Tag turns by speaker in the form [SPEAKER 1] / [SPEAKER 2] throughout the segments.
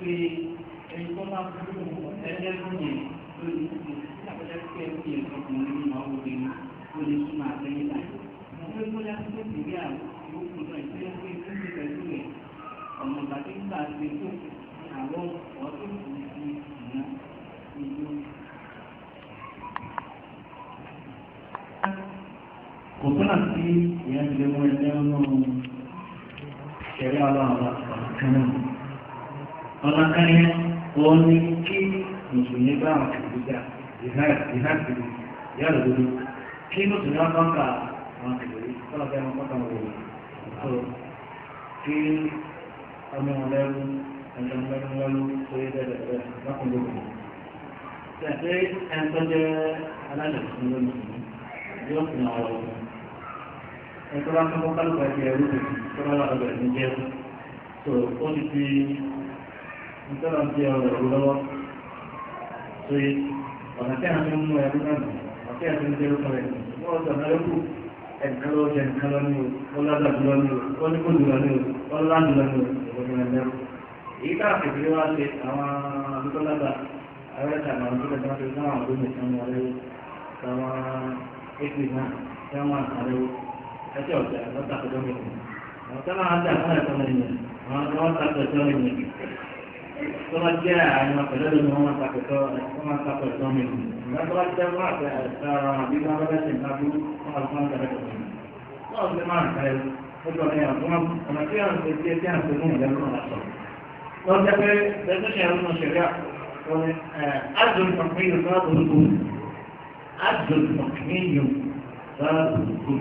[SPEAKER 1] pé ẹni tó máa fún un ẹlẹ́gùn yẹn ló lè ṣe àbẹ̀dá sí ẹ̀kú yẹn tó kùn nínú àwọn obìnrin ló lè súnmọ́ àtẹ́yìn láti. mo fẹ́ bóyá tó tó tẹ̀lé àwọn ìwòkùn náà ìṣe pé ó ní pẹ̀lú rẹ̀ ọ̀nà ìgbàdé ń gbà ṣe tó àwọn ọ̀dọ́ ìṣòwò ìná ìlú. kò tó náà sí ìyẹn ti lè ẹgbẹ́ ọlọ́run ṣẹ̀rí ọlọ́run ọ̀nà kan yẹn wọ́n ní kí mùsùlùmí bá àwọn kìlúgbà ìhàkìlú yàrá lórí kí mùsùlùmí bá kà àwọn kìlúgbà tọ́lá fẹ́ wọn kọ́kà wọ̀ wọ̀ kí ọmọ wọn lẹ́rú ẹ̀jọ̀ lẹ́rú lẹ́rú tó yẹ bẹ́ẹ̀ bẹ́ẹ̀ lọ́kùnrin tẹ̀sí ẹ̀ńtọ́jẹ́ alájọ̀sìn lónìí yóò fi hàn ọ̀rọ̀ ẹ̀ńtọ́lá fún kọ́kàlùkọ́ ẹ̀jẹ̀ ẹ̀rú tó lọ́wọ́ ọ̀rọ̀ ẹ̀ nítorí ti ọ̀rọ̀ ẹ̀rú lọ́wọ́ tó ọ̀nà tí a ti mú ẹ̀rú náà ọ̀nà a ti ń jẹ́ ọ̀rọ̀ ẹ̀rú wọ́n sọ̀rọ̀ ẹ̀rú ẹ̀kan ló jẹ nǹkan lọ́ní o wọ́n lọ́dọ̀ jùlọ ní o wọ́n ní kò jùlọ ní o wọ́n lọ́dọ̀ jùlọ ní o ìwọ́n jùlọ ní o. èyí tá a fi fi wá ṣe àwọn àdúgbòlágbà arẹ́ta àwọn àdúgbòlágbà fi fún àwọn àdúgbò tí wọ́n rẹ̀ àwọn ẹgbẹ́ náà tí wọ́n àkàrẹ́ o ẹtí ọ̀sẹ̀ lọ́tà tó dọ́gbẹ̀ẹ́ àwọn tẹ́lá tó bá jẹ́ àwọn pẹ̀lú ni wọ́n máa takòtò wọ́n máa takò ẹ̀tọ́ mi nígbà tó bá jẹ́ wọ́n àti ẹ̀sára àbí wọ́n bá tẹ̀sí ìdájú wọ́n máa fún ẹ̀rẹ́ tọ̀tọ̀ náà ṣe máa ń kẹ́ ó jọ ní àwọn ọ̀nà tí àwọn ṣe tiẹ̀ tí à ń ṣe fún ìlẹ́nu náà sọ. lọ jẹ́ pé bẹ́ẹ̀ ṣe àwọn ṣẹ̀ríà àjò ìfọ̀kìnyìn náà burúkú àjò ìfọ̀kìnyìn náà burúkú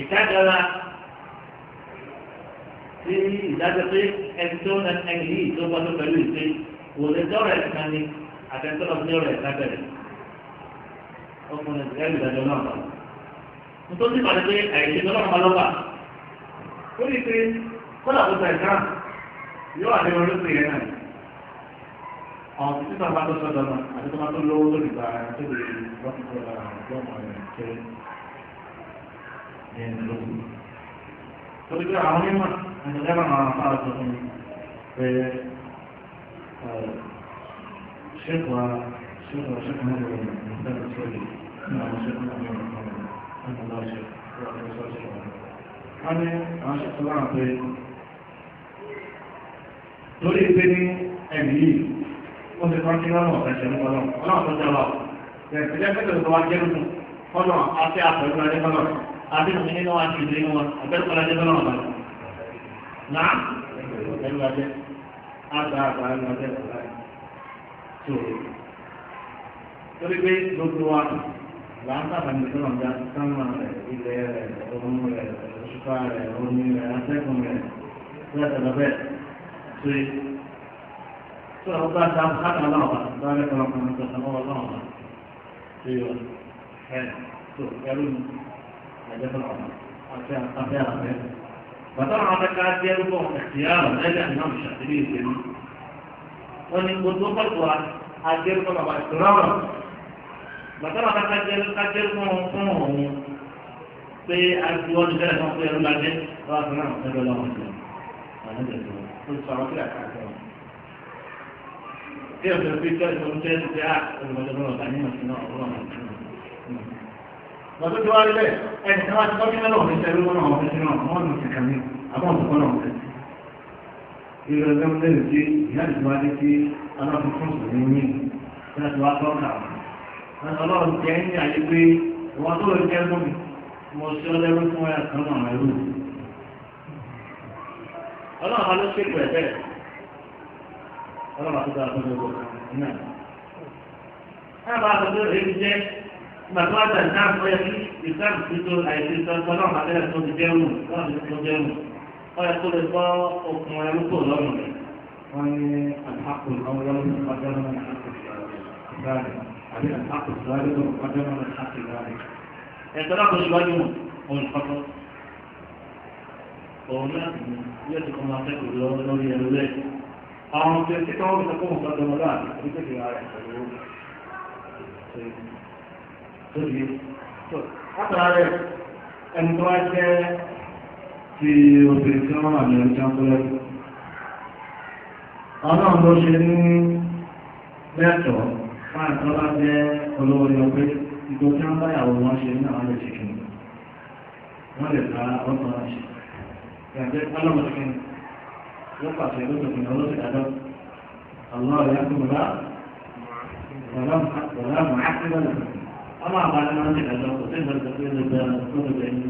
[SPEAKER 1] ìtajà sí ìdájọ́ pé ẹni tó ń ẹni yìí tó gbọ́dọ̀ pẹ̀lú ìṣe kò lè tọrọ ẹ̀ kan ni àtẹ̀tọ́rọ̀ ní ọ̀rọ̀ ẹ̀ lábẹ́rẹ̀ ọkùnrin ẹ̀rù ìdájọ́ náà lọ. nítorí pàdé pé àìṣe tó lọ́wọ́ lọ́wọ́ ó ní pé kọ́lá kó ta ìdáhùn yóò wà ní orúkọ yẹn náà àwọn títí tó bá tó sọ́dọ̀ náà àti tó bá tó lówó lórí ìgbà tó lè lọ́kùnkọ́ àwọn ọmọ ẹgbẹ́ lórí pé ní ẹ̀mí yìí ó ti kọ́ńtí náà wọ̀ ẹ̀ṣẹ̀ ní ọlọ́run ọlọ́run tó jẹ́ wa ẹ̀ṣẹ̀ jẹ́ tó wá jẹ́ lókun àti àpẹẹrẹ ọlọ́run àti òmìnira wa ti àpẹẹrẹ ọlọ́run náà ẹnu ajẹ́ àgbà àgbà ẹnu ajẹ́ ọ̀la ẹ̀ tó torí pé gbogbo wa là ń sábà ní sọ́nà ọ̀gá sánmà rẹ̀ ilẹ̀ rẹ̀ ọ̀run rẹ̀ òṣùpá rẹ̀ omi rẹ̀ atẹ́kùn rẹ̀ lẹ́tọ̀ọ́ bẹ́ẹ̀ tó yẹ tó bá ta káàkiri náà wà bá lẹ́kọ̀ọ́ lọ́kàn náà tó àwọn ọlọ́run wà tó yọ ẹ̀ tó ẹrú mi àjẹsọ́nà ọ̀gá àti àfẹ́ àfẹ́ bàtàwọn afẹ́ká jẹ́ rúbọ̀ ẹ̀sìyàrá lẹ́lẹ́ àná ìṣàtìlẹ̀ ìṣèlú wọn ni gbogbo pàtó àjẹrúkọ bàbá ìṣòro bàtàwọn afẹ́ká jẹ́ rúbọ̀ fún òun pé àti wọn ti fún ọkọ ẹrú lajẹ́ wọn àti náà ẹgbẹ́ lọ́wọ́ ìṣòro àwọn ẹgbẹ́ tó tó sọ àwọn kílà káàkiri wọn. bí ọ̀sẹ̀ pé kí ọ̀sẹ̀ tó ń tẹ́ ẹ̀ lọ́dún tó wá rí bẹ́ẹ̀ ẹni tí wọ́n ti tọ́jú náà lọ́wọ́ níṣẹ́ lọ́wọ́ náà wọ́n ti náà wọ́n lù sí kàmí àbọ̀ òṣùpọ̀ náà wọ́n ti ìrọ̀ ẹgbẹ́ lẹ́nu tí ìyáàdì tó wá dé sí aláàbò fún ìṣòro ní yìí láti wá tọ́ka ọlọ́run ti ẹni ní ayé pé ìwọ́n tó lè jẹ́ lómi mo ṣe ọ lẹ́rú fún ẹ̀ kan náà ẹ̀rú ọlọ́run wa ló ṣètò ẹ̀ bẹ́ẹ̀ ọlọ́run àti gbàtọ́ àtàlẹ́ náà fọ́ yẹ kí ìsáàbù tuntun àìsí sọ́kọ́ náà máa tẹ́lẹ̀ tó ti dẹ́rù náà ti tó dẹ́rù ọ yẹ kó lè gbọ́ okùn ẹrú kò lọ́rùn rẹ̀. wọ́n ní àlùfáàkù ọ̀rọ̀ ìpàdánù ìpàdánù àbí àlùfáàkù ìpàdánù ìpàdánù ìpàdánù. ẹ̀sọ́ náà kò ní wájú òun kọ́kọ́. òun náà yóò ti kọ́ máa tẹ́kọ̀ọ́ lórí ẹrú rẹ̀. àwọn ọmọ tí wọ́n ti kọ́ lórí tó látara rẹ̀ ẹni tó wá jẹ́ ti obìnrin tí wọ́n wà ní ọjọ́ pẹ́lẹ́ ọlọ́run ló ṣe ní mẹ́tọ̀ máa tọ́ bá jẹ́ olówó ní ọgbẹ́ ìgbò tí wọ́n báyàwó wọn ṣe ní àwọn ẹ̀ṣẹ̀ kìnnì wọ́n lè ta ọkọ̀ wọn ṣe ìyàgbẹ́ ọlọ́run kìnnì ló pàṣẹ lóṣù kìnnì olóṣù dájọ́ ọlọ́run yá kúrò lá wọ́n lá mọ̀ á sí lọ́lẹ̀ ọmọ àbájá máa ń tẹ̀lé lọ kò tẹ́lẹ̀ lọ pé lọ́gbà lọ́gbà ẹni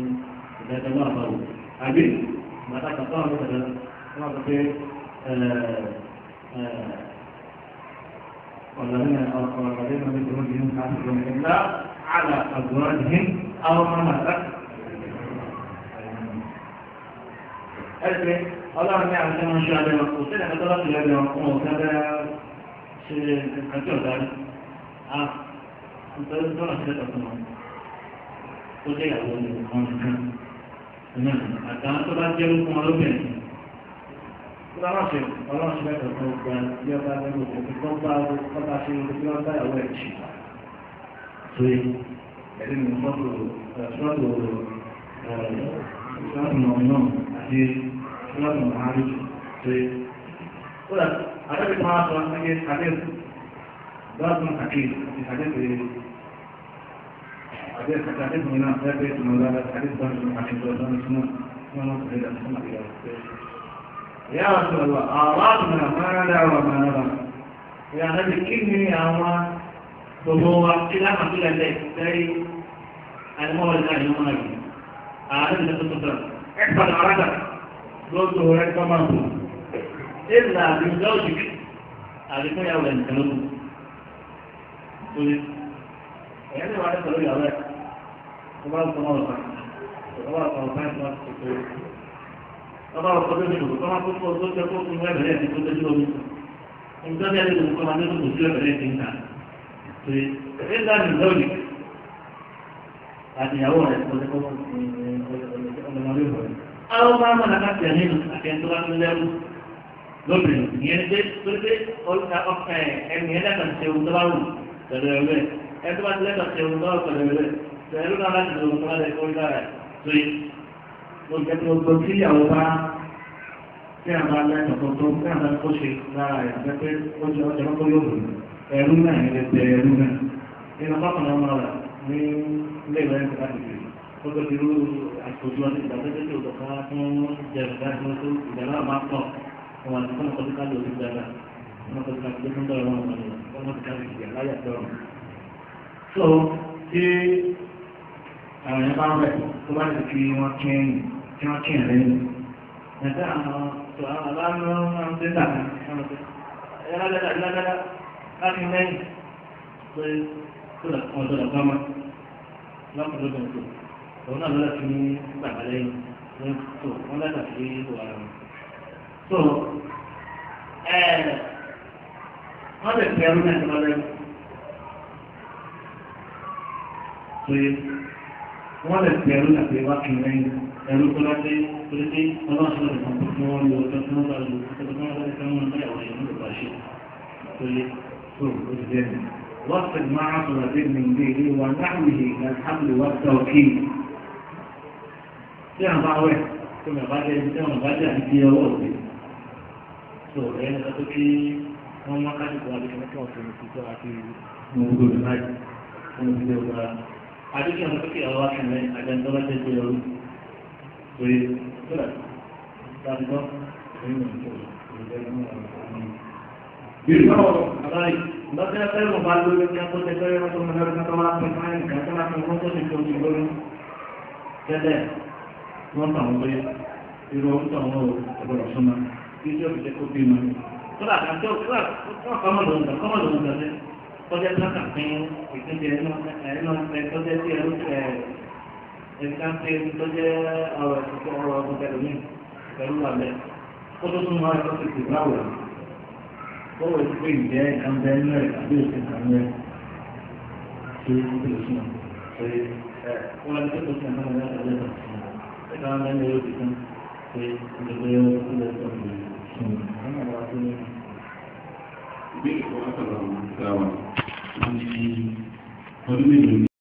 [SPEAKER 1] ìdájọ́ náà bá wò. àbí bàtà kàtà ọ̀rọ̀ tẹ̀lé wọ́n sọ pé والذين والذين من دونهم حافظون إلا على أزواجهم أو ما ملكت ẹgbẹ́ ọlọ́run ní àwọn ẹmọ ṣe àbẹ̀wò kò sílẹ̀ mẹ́tọ́lọ́pù lẹ́gbẹ̀ẹ́ ọkùnrin ọ̀gá bẹ́ẹ̀ ṣe ẹjọ́ ọ̀gá rí nítorí tọ́nà tẹ́tọ̀ fún wọn tó jẹ́ ìyàwó ní ọmọ nìkan ìyẹn àtàwọn tó bá jẹ́ fún wọn lóbìnrin tó bá wọ́n ṣe ọlọ́run ṣe mẹ́tọ̀ tó gba bí ọba nínú òfin tó bá ọba ṣe ní bí ọba ìyàwó ẹ̀ ṣì ṣe ẹ̀rí mi fọ́tò ṣọ́tò ṣọ́tò ọ̀nà àti ṣọ́tò àárín ṣe. Kódà, àtẹ́bí kan á sọ ní adé lọ́dún àkíyèsí àti àdébìnrin حديث حديث من حديث من ذلك حديث من حديث من اسمه يا رسول الله أرادنا ما نرى وما نرى يا نبي كني يا الله بهو إلى ما إلى ذلك تري المولى لا يوم نبي أعلم أن تقدر احفظ عرضك قلت هو رك ما هو إلا بزوجك أعرف يا ولد كلامه يعني ما تقول يا ولد ọba ọ̀sán ọ̀sán ọba ọ̀sán ọ̀sán ìgbà tuntun ọba ọ̀sán lórí ìlú ọba tó kọ́ tó jẹ́ kó fún ẹ̀rẹ̀ ẹ̀ tó tẹ́jú omi nǹkan ní ẹ̀rẹ̀ ìlú kọ́ra ní kò sí ẹ̀rẹ̀ ti ń ta pé ẹ̀ ń dá mi lórí àtìyàwó rẹ̀ tó tẹ́ kó fún àwọn ọba ọmọ nàka tẹ̀ nínú àtẹ̀ntọ́ bá tún lẹ́rú lóbìnrin ìyẹn pé pẹ̀lú náà láti lòun tó láti kọ́ lára ẹ̀ tó yẹ. mo jẹ́ pé gbogbo tí ìyàwó bá tí a bá lẹ́nu tuntun tí a bá kó ṣe lára ẹ̀ àti pé ó jẹ́ ọjọ́ tó yóò wù ẹ̀rú náà ẹ̀ lẹ́tẹ̀ ẹ̀rú náà. nínú pápánu ọmọ rẹ̀ ní ilé ìwé ẹ̀ láti fi ó tó ti rú àkójú ọdún ìdàgbẹ́sẹ̀ tó dọ̀ká fún ìjẹ̀rẹ̀dá tó ìdàgbà máa pọ̀ wọn àti fún ọkọ̀ lò ó ti àwọn èèyàn bá ń bẹ̀ tó bá ti fi wọn kẹ́yìn tí wọ́n kẹ́yìn lẹ́yìn ẹ̀dá àwọn tó àwọn aláàmọ́ máa ń dé dàbí ẹ̀rọ láti lẹ́yìn pé kódà tó dàgbà mọ́ lọ́kùnrin tó dùn tó òun náà lọ́la fi ní lẹ́yìn ló tó wọ́n lọ́la fi wà lọ́wọ́. tó wọ́n lè pẹ́ ọdún náà tó lọ́lẹ́yìn wọ́n lè fi ẹ̀rú àti ìwà kì lẹ́yìn ẹ̀rú tó láti torí pé ọlọ́sọ̀rọ̀ nìkan tó fún wọn lò tó tó ń bá lò tó tó tó ń bá yàwó yẹn ló ṣe tó yẹ tó o ti dẹ́nu. wọ́n ti máa ń sọ̀rọ̀ dé ní ilé wa láàmì ìgbà ábìlì wa tó kí i. tí a bá wẹ̀ tó mi àbá jẹ́ tí wọ́n bá jẹ́ àti ti ọwọ́ òde. tó o rẹ̀ nígbà tó kí wọ́n mú akásìkò àbíkẹ́ mẹ́kẹ́ ọ̀sẹ̀ àdúgbò àwọn tó kí ọ̀rọ̀ wá kàn lẹ́yìn àjọ tó bá jẹ́ pé ọrú pé kódà dáadọ́ Bírúkọ̀ àbáyé, lọ́sẹ̀ ẹgbẹ́ ìwọ̀n bá lórí ní akọ́tẹ́ ẹgbẹ́ ìwọ̀n tó mọ̀ lọ́rùn náà tó máa ń pè máa ń kà tó máa ń wọ́n tó ti tó ti lórí. Tẹ́lẹ̀, wọ́n tàn wọ́n pé irú ọ̀hún tàn wọ́n ọ̀gbọ̀rọ̀ súnmọ́, kí tí ó fi jẹ́ kó bí mọ́. Kódà kan tó kọ́mọ̀ lòun tàn kọ́mọ̀ lòun tàn tọ́jẹ́ tọ́jà pín ìpínlẹ̀ ẹ̀rọ tọ́jẹ́ sí ẹ̀rọ ẹ̀ẹ́dẹ́gbẹ́ tọ́jẹ́ ọ̀rọ̀ ìṣòkò ọ̀rọ̀ ọdún tẹ̀lómi pẹ̀lú àlẹ́ ó tó tún máa lọ́sí ti bá wà ó wẹ̀ sí pé ìjẹ́ ìkànnì ẹ̀rọ ìtàbí òsì ìkànnì ẹ̀ ṣe é kó tẹ̀lé sùn ṣe ẹ̀ wọ́n ti tó tẹ̀ náà láti ọjọ́ ìtàn sùn ẹ̀ káwọn ẹ̀rọ ìtàn ṣe ìdẹ̀gbẹ́ ọdún tẹ̀lé sùn ìbéèrè kọ́ wá sọ̀rọ̀ àwọn ọ̀gá wa wọ́n ní ọdún mélòó